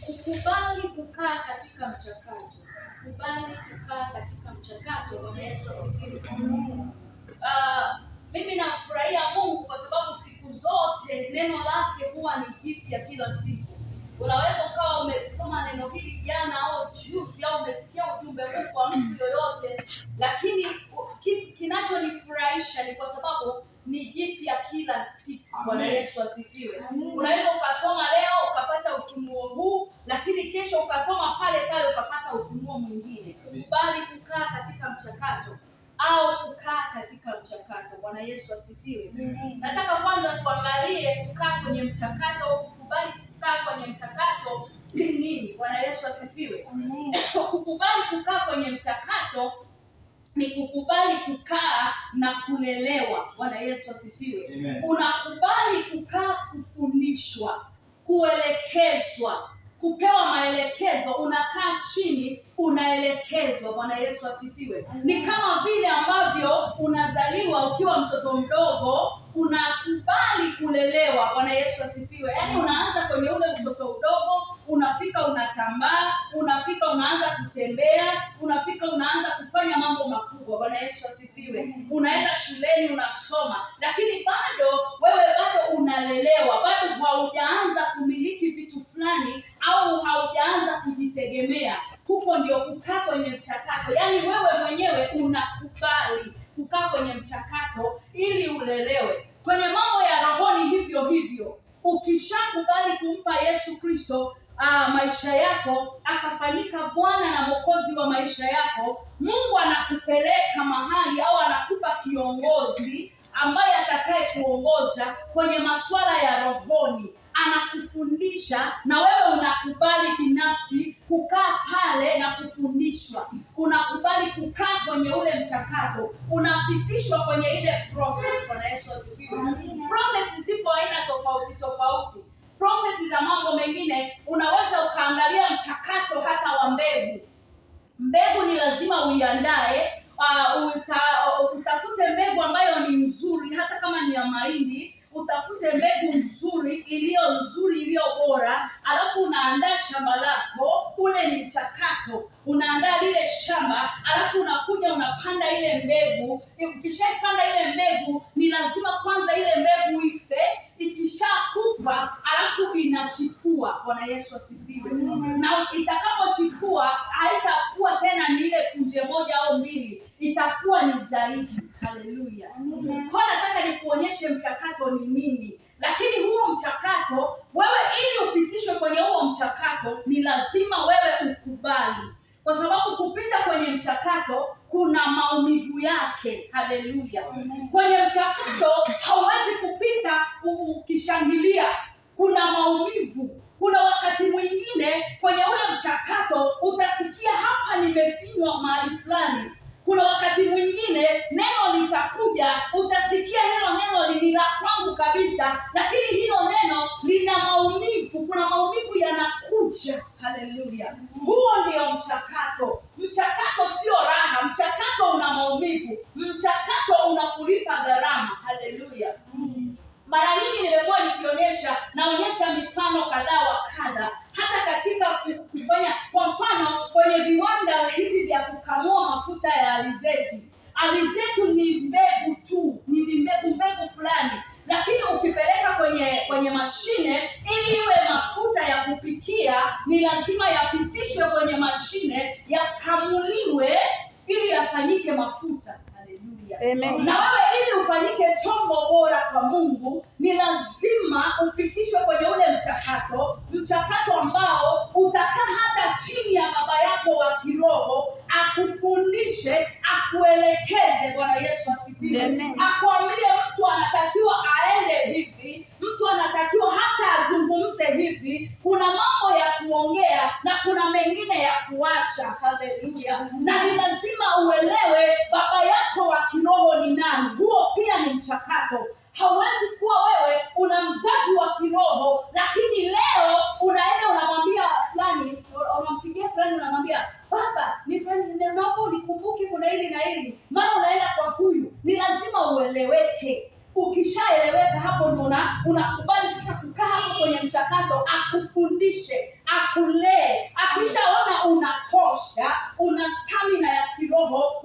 Kukubali kukaa katika mchakato, kukubali kukaa katika mchakato. Bwana Yesu asifiwe. Uh, mimi namfurahia Mungu kwa sababu siku zote neno lake huwa ni jipya kila siku. Unaweza ukawa umesoma neno hili jana au juzi au umesikia ujumbe huu kwa mtu yoyote, lakini kinachonifurahisha ni kwa sababu ni jipya kila siku. Bwana Yesu asifiwe. Unaweza ukasoma leo ukapata ufunuo huu, lakini kesho ukasoma pale pale ukapata ufunuo mwingine, bali kukaa katika mchakato au kukaa katika mchakato. Bwana Yesu asifiwe. Nataka kwanza tuangalie kukaa kwenye mchakato kukubali kukaa kwenye mchakato ni nini? Bwana Yesu asifiwe. Kukubali kukaa kwenye mchakato ni kukubali kukaa na kulelewa. Bwana Yesu asifiwe. Unakubali kukaa, kufundishwa, kuelekezwa, kupewa maelekezo. Unakaa chini, unaelekezwa. Bwana Yesu asifiwe. Ni kama vile ambavyo unazaliwa ukiwa mtoto mdogo, unakubali kulelewa. Bwana Yesu asifiwe. Yaani unaanza kwenye ule mtoto udogo unafika unatambaa, unafika unaanza kutembea, unafika unaanza kufanya mambo yako, Mungu anakupeleka mahali au anakupa kiongozi ambaye atakaye kuongoza kwenye masuala ya rohoni, anakufundisha na wewe unakubali binafsi kukaa pale na kufundishwa, unakubali kukaa kwenye ule mchakato, unapitishwa kwenye ile process. Bwana Yesu asifiwe. Process zipo aina tofauti tofauti process za mambo mengine, unaweza ukaangalia mchakato hata wa mbegu Mbegu ni lazima uiandae, uh, uta, uh, utafute mbegu ambayo ni nzuri, hata kama ni ya mahindi, utafute mbegu nzuri iliyo nzuri iliyo bora, alafu unaandaa shamba lako. Ule ni mchakato, unaandaa lile shamba, alafu unakuja unapanda ile mbegu. Ukishaipanda ile mbegu, ni lazima kwanza ile mbegu ife ikishakufa alafu inachipua. Bwana Yesu asifiwe. Na itakapochipua haitakuwa tena ni ile punje moja au mbili, itakuwa ni zaidi. Haleluya! Kwa nataka nikuonyeshe mchakato ni nini, lakini huo mchakato wewe, ili upitishwe kwenye huo mchakato, ni lazima wewe ukubali kwa sababu kupita kwenye mchakato kuna maumivu yake. Haleluya! Kwenye mchakato shall kukamua mafuta ya alizeti. Alizeti ni mbegu tu, ni mbegu mbegu fulani, lakini ukipeleka kwenye kwenye mashine ili iwe mafuta ya kupikia, ni lazima yapitishwe kwenye mashine, yakamuliwe ili yafanyike mafuta. Na wewe ili ufanyike chombo bora kwa Mungu ni lazima upitishwe kwenye ule mchakato, mchakato ambao utakaa hata chini ya baba yako wa kiroho akufundishe, akuelekeze. Bwana Yesu asifiwe, akwambie mtu anatakiwa aende hivi kuacha. Haleluya! Na ni lazima uelewe baba yako wa kiroho ni nani. Huo pia ni mchakato.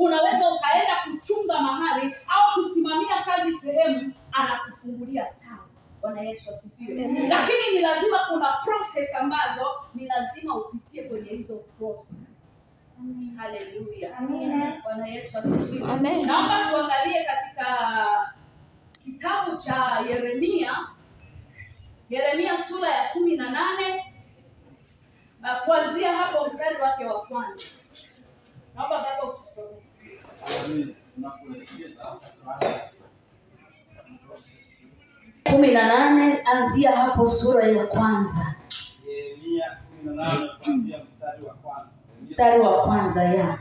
unaweza ukaenda kuchunga mahali au kusimamia kazi sehemu, anakufungulia taa. Bwana Yesu asifiwe. Lakini ni lazima kuna process ambazo ni lazima upitie kwenye hizo process. Haleluya, Bwana Yesu asifiwe. Naomba tuangalie katika kitabu cha Yeremia, Yeremia sura ya kumi na nane na kuanzia hapo mstari wake wa kwanza. Naomba Baba utusomee kumi na nane anzia hapo sura ya kwanza mstari wa kwanza ya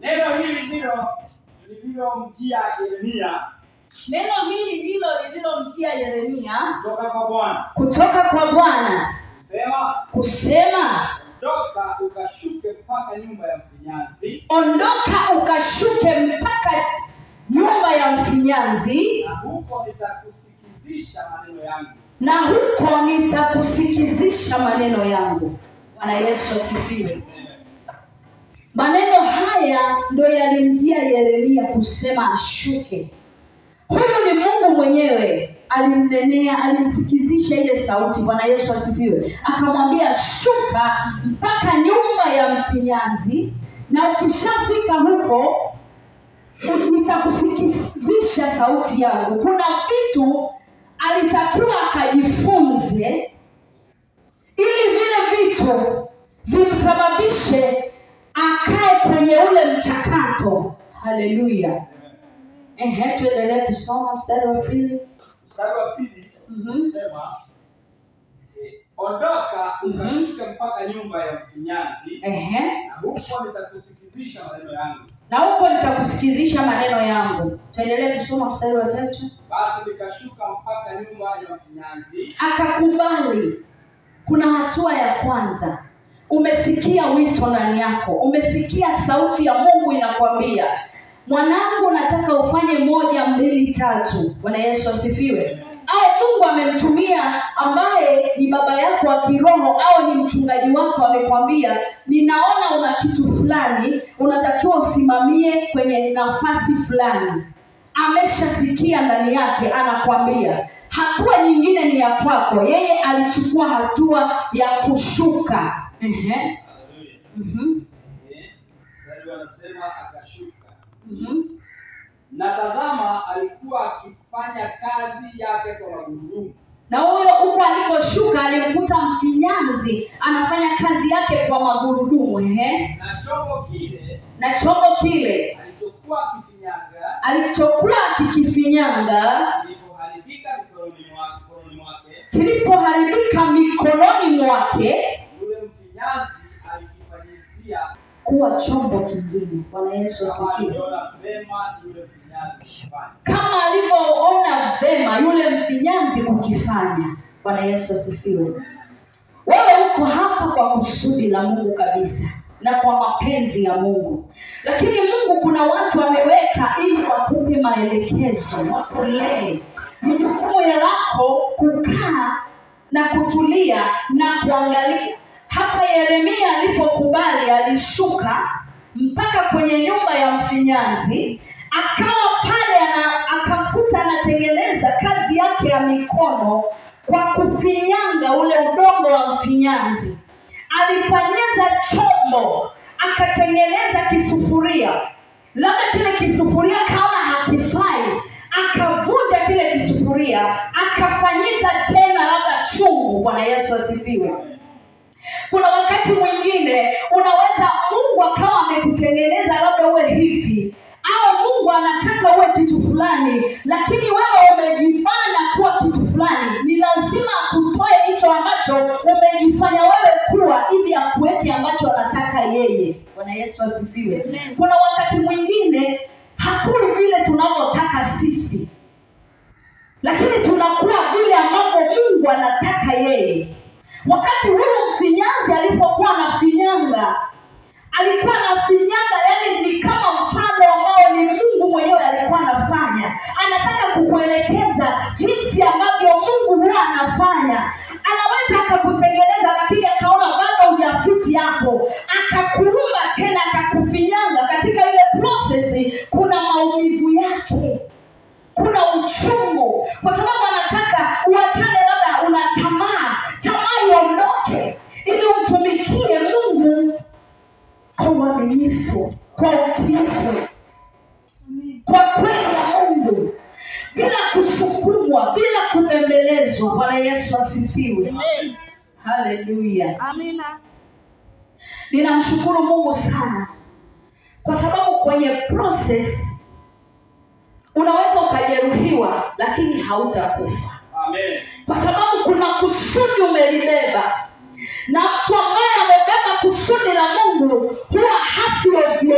neno hili ndilo lililomjia Yeremia neno hili ndilo lililomjia Yeremia kutoka kwa Bwana kusema Ondoka ukashuke mpaka nyumba ya mfinyanzi. Ondoka ukashuke mpaka nyumba ya mfinyanzi. Na huko nitakusikizisha maneno yangu. Na huko nitakusikizisha maneno yangu. Bwana Yesu asifiwe. Maneno haya ndio yalimjia Yeremia kusema ashuke. Huyu ni Mungu mwenyewe alimnenea, alimsikizisha ile sauti. Bwana Yesu asifiwe. Akamwambia, shuka mpaka nyumba ya mfinyanzi, na ukishafika huko nitakusikizisha sauti yangu. Kuna vitu alitakiwa akajifunze ili vile vitu vimsababishe akae kwenye ule mchakato. Haleluya. Ehe, tuendelee kusoma mstari wa pili mstari wa pili mhm. unasema eh, ondoka mhm. ukashuke mpaka nyumba ya mfinyanzi, na huko nitakusikizisha maneno yangu, na huko nitakusikizisha maneno yangu. Tuendelee kusoma mstari wa tatu. Basi nikashuka mpaka nyumba ya mfinyanzi. Akakubali. Kuna hatua ya kwanza, umesikia wito ndani yako, umesikia sauti ya Mungu inakwambia mwanangu, nataka ufanye moja mbili tatu. Bwana Yesu asifiwe. Aye, Mungu amemtumia ambaye ni baba yako wa kiroho au ni mchungaji wako, amekwambia ninaona una kitu fulani, unatakiwa usimamie kwenye nafasi fulani. Ameshasikia ndani yake, anakwambia hatua nyingine ni ya kwako. Yeye alichukua hatua ya kushuka. Ehe. Mhm mm na tazama, alikuwa akifanya kazi yake kwa magurudumu. Na huyo huko aliposhuka alimkuta mfinyanzi anafanya kazi yake kwa magurudumu. Ehe, na chombo kile na chombo kile alichokuwa akifinyanga alichokuwa akikifinyanga kilipoharibika mikononi mwake, yule mfinyanzi alikifanyizia kuwa chombo kingine. Bwana Yesu asifiwe. Kama alivyoona vema yule mfinyanzi kukifanya. Bwana Yesu asifiwe. Wewe uko hapa kwa kusudi la Mungu kabisa na kwa mapenzi ya Mungu, lakini Mungu kuna watu ameweka ili wakupe maelekezo, wakulee. Ni jukumu lako kukaa na kutulia na kuangalia hapa Yeremia alipokubali, alishuka mpaka kwenye nyumba ya mfinyanzi, akawa pale ana, akamkuta anatengeneza kazi yake ya mikono kwa kufinyanga ule udongo wa mfinyanzi. Alifanyiza chombo, akatengeneza kisufuria, labda kile kisufuria kaona hakifai akavunja kile kisufuria akafanyiza tena labda chungu. Bwana Yesu asifiwe. Kuna wakati mwingine unaweza Mungu akawa amekutengeneza labda uwe hivi au Mungu anataka uwe kitu fulani, lakini wewe umejifanya kuwa kitu fulani. Ni lazima kutoe hicho ambacho umejifanya wewe kuwa ili akuweke ambacho anataka yeye. Bwana Yesu asifiwe. Kuna wakati mwingine hakuli vile tunavyotaka sisi, lakini tunakuwa vile ambavyo Mungu anataka yeye. Wakati huyo mfinyanzi alipokuwa na finyanga, alikuwa na finyanga, yani ni kama mfano ambao ni Mungu mwenyewe alikuwa anafanya. Anataka kukuelekeza jinsi ambavyo Mungu huwa anafanya. Anaweza akakutengeneza, lakini akaona bado hujafiti hapo, akakuumba tena, akakufinyanga. Katika ile prosesi kuna maumivu yake, kuna uchungu, kwa sababu Haleluya, amina. Ninamshukuru Mungu sana kwa sababu kwenye process unaweza ukajeruhiwa, lakini hautakufa. Amen. Kwa sababu kuna kusudi umelibeba, na mtu ambaye amebeba kusudi la Mungu huwa hafi ovyo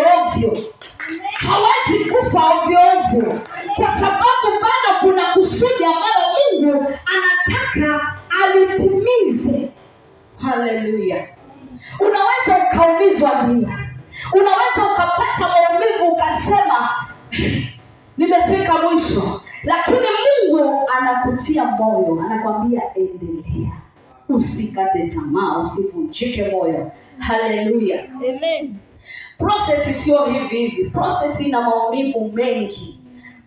pia. Usikate tamaa, usivunjike moyo. Haleluya, amen. Prosesi sio hivi hivi. Prosesi ina maumivu mengi.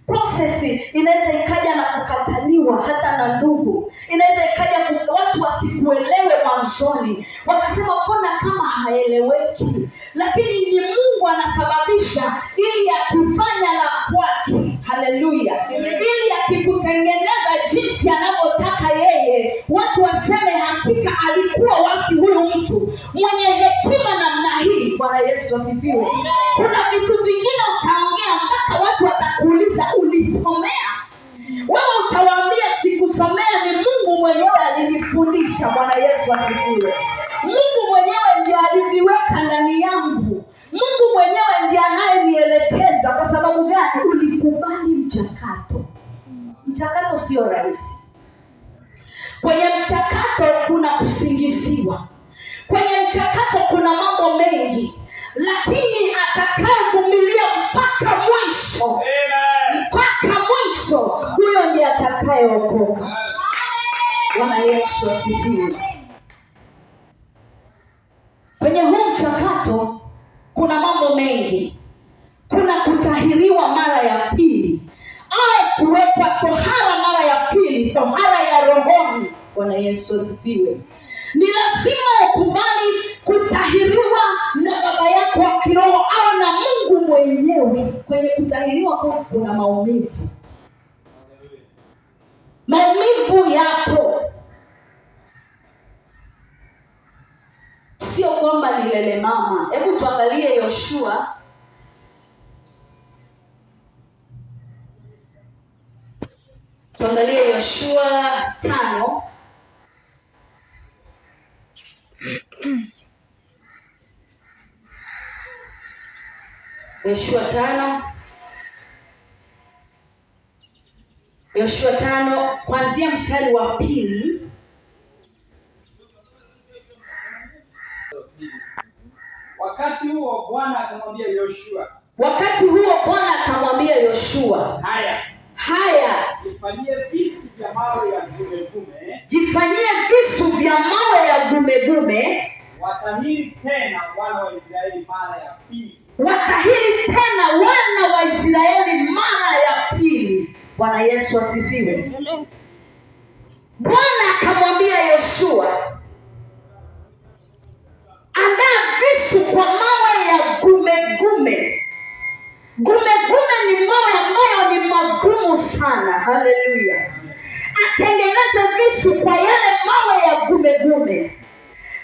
Prosesi inaweza ikaja na kukataliwa hata na ndugu, inaweza ikaja watu wasikuelewe mwanzoni, wakasema mbona kama haeleweki, lakini ni Mungu anasababisha Yesu asifiwe. Kuna vitu vingine utaongea mpaka watu watakuuliza ulisomea. Wewe utawaambia sikusomea, ni Mungu mwenyewe alinifundisha. Bwana Yesu asifiwe. Mungu mwenyewe ndiye aliviweka ndani yangu. Mungu mwenyewe ndiye anayenielekeza. Kwa sababu gani? Ulikubali mchakato. Mchakato sio rahisi. Kwenye mchakato kuna kusingiziwa, kwenye mchakato kuna mambo mengi lakini atakayevumilia mpaka mwisho, mpaka mwisho, huyo ndiye atakayeokoka. Bwana Yesu asifiwe. Kwenye huu mchakato kuna mambo mengi, kuna kutahiriwa mara ya pili au kuwekwa tohara mara ya pili, tohara ya rohoni Bwana Yesu asifiwe. Ni lazima ukubali kutahiriwa na baba yako wa kiroho au na Mungu mwenyewe. Kwenye kutahiriwa kuna, kuna maumivu. Maumivu yapo, sio kwamba nilele mama. Hebu tuangalie Yoshua tuangalie Yoshua tano Yoshua tano Yoshua tano kuanzia mstari wa pili Wakati huo Bwana akamwambia Yoshua, wakati huo Bwana akamwambia Yoshua, haya haya, ifanyie jifanyie visu vya mawe ya gumegume, watahiri tena wana wa Israeli mara ya pili, Bwana Yesu asifiwe. Bwana akamwambia Yoshua, andaa visu kwa mawe ya gumegume. Gumegume ni mawe ambayo ni magumu sana. Haleluya tengeneza visu kwa yale mawe ya gumegume,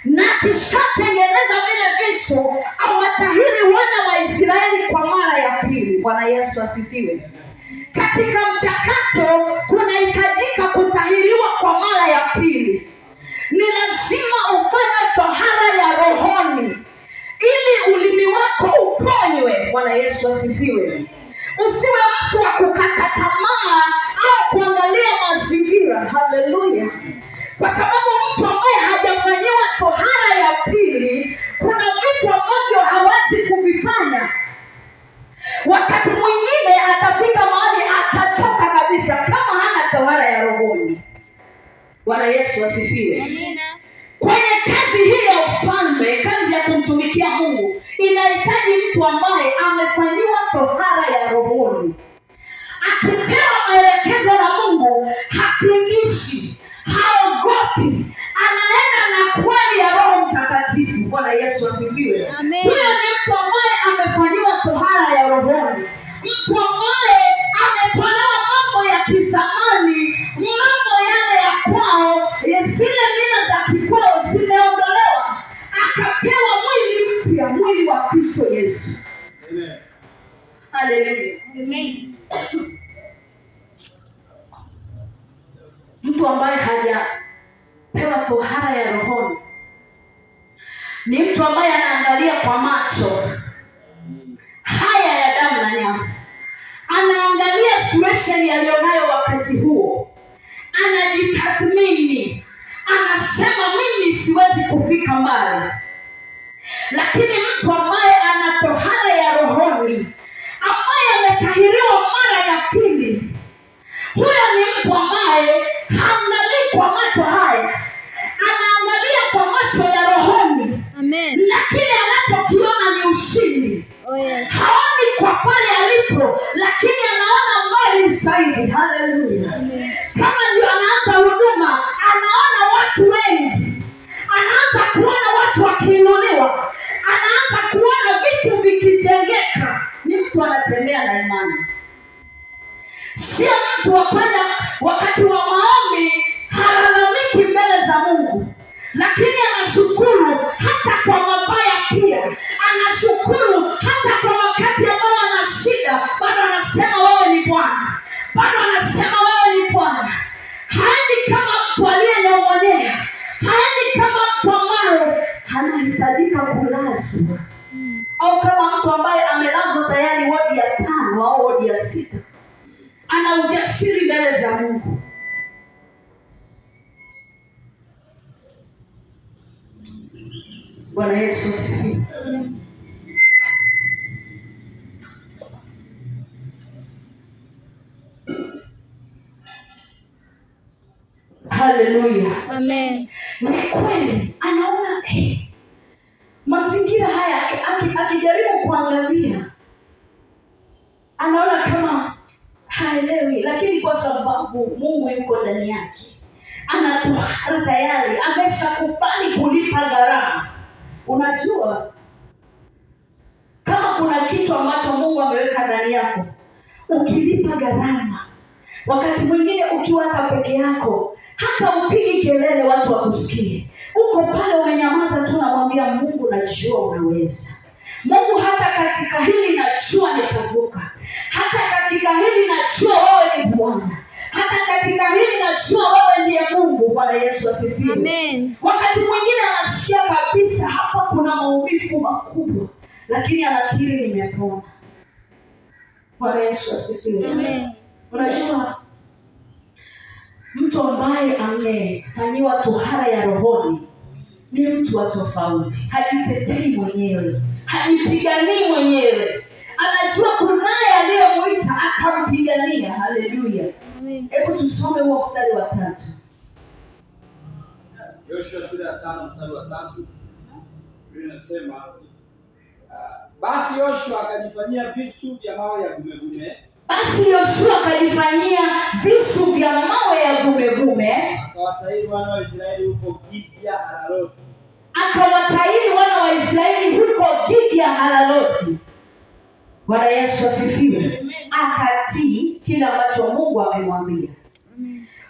na akishatengeneza vile visu awatahiri wana wa Israeli kwa mara ya pili. Bwana Yesu asifiwe. Katika mchakato kunahitajika kutahiriwa kwa mara ya pili. Ni lazima ufanye tohara ya rohoni ili ulimi wako uponywe. Bwana Yesu asifiwe. Usiwe mtu kwa sababu Bwana Yesu asifiwe. Amen. ni mtu ambaye anaangalia kwa macho haya ya damu na nyama, anaangalia situation aliyonayo wakati huo, anajitathmini, anasema mimi siwezi kufika mbali, lakini alipo, lakini anaona mbali zaidi. Haleluya! Kama ndio anaanza huduma, anaona watu wengi, anaanza kuona watu wakiinuliwa, anaanza kuona vitu vikijengeka. Ni mtu anatembea na imani, sio mtu wakwenda wakati wa maombi halalamiki mbele za Mungu lakini anashukuru hata kwa mabaya pia, anashukuru hata kwa wakati ambao ana shida, bado anasema wewe ni Bwana, bado anasema wewe ni Bwana. Haendi kama mtu aliyenong'onea, haendi kama mtu ambaye anahitajika kulazwa mm, au kama mtu ambaye amelazwa tayari wodi ya tano au wodi ya sita, ana ujasiri mbele za Mungu. Bwana Yesu asifiwe. Haleluya. Amen. Ni kweli anaona eh, mazingira haya akijaribu kuangalia anaona kama haelewi, lakini kwa sababu Mungu yuko ndani yake, anatoa tayari, ameshakubali kulipa gharama Unajua, kama kuna kitu ambacho Mungu ameweka ndani yako, ukilipa gharama, wakati mwingine ukiwa hata peke yako, hata upigi kelele watu wakusikie, uko pale umenyamaza tu, namwambia Mungu, najua unaweza Mungu, hata katika hili najua nitavuka, hata katika hili najua wewe ni Bwana. Hata katika hili najua wewe ndiye Mungu. Bwana Yesu asifiwe. Amen. Wakati mwingine anasikia kabisa hapa kuna maumivu makubwa, lakini anakiri nimepona. Bwana Yesu asifiwe. Amen. Unajua mtu ambaye amefanyiwa tohara ya rohoni ni mtu wa tofauti, hajitetei mwenyewe, hajipiganii mwenyewe, anajua kunaye aliyemwita akampigania. Haleluya! Hebu tusome huo mstari wa tatu. Yoshua sura ya tano mstari wa tatu inasema ah, basi Yoshua akajifanyia visu vya mawe ya gumegume. Basi Yoshua akajifanyia visu vya mawe ya gumegume, akawatahiri wana wa Israeli huko Gibea Haraloti, Akawatahiri wana wa Israeli huko Gibea Haraloti. Bwana Yesu asifiwe akatii kile ambacho Mungu amemwambia.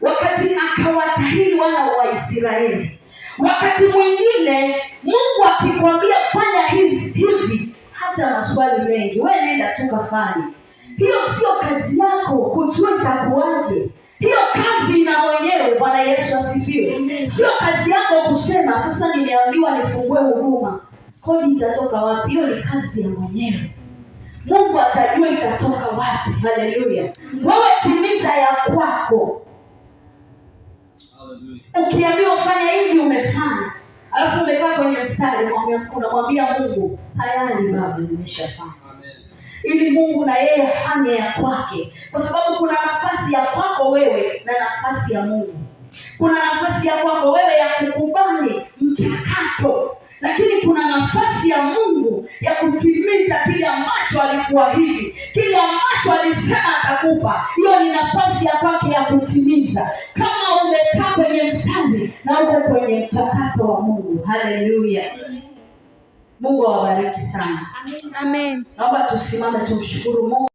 Wakati akawatahiri wana wa Israeli, wakati mwingine Mungu akikwambia fanya hizi hivi, hata maswali mengi, wewe nenda tu kafanye. Hiyo sio kazi yako kujua itakuwaje. Hiyo kazi ina mwenyewe. Bwana Yesu asifiwe. Sio kazi yako kusema sasa nimeambiwa nifungue huduma, kodi itatoka wapi? Hiyo ni kazi ya mwenyewe. Mungu atajua itatoka wapi. Haleluya! Wewe timiza ya kwako. Ukiambiwa ufanya hivi, umefanya, alafu umekaa kwenye mstari, unamwambia Mungu, tayari Baba, nimeshafanya ili Mungu na yeye afanye ya kwake, kwa sababu kuna nafasi ya kwako wewe na nafasi ya Mungu. Kuna nafasi ya kwako wewe ya kukubali mchakato lakini kuna nafasi ya Mungu ya kutimiza kile ambacho alikuahidi, kile ambacho alisema atakupa. Hiyo ni nafasi ya kwake ya kutimiza, kama umekaa kwenye mstari na uko kwenye mchakato wa Mungu. Haleluya! Mungu awabariki sana. Amen. Naomba tusimame tumshukuru Mungu.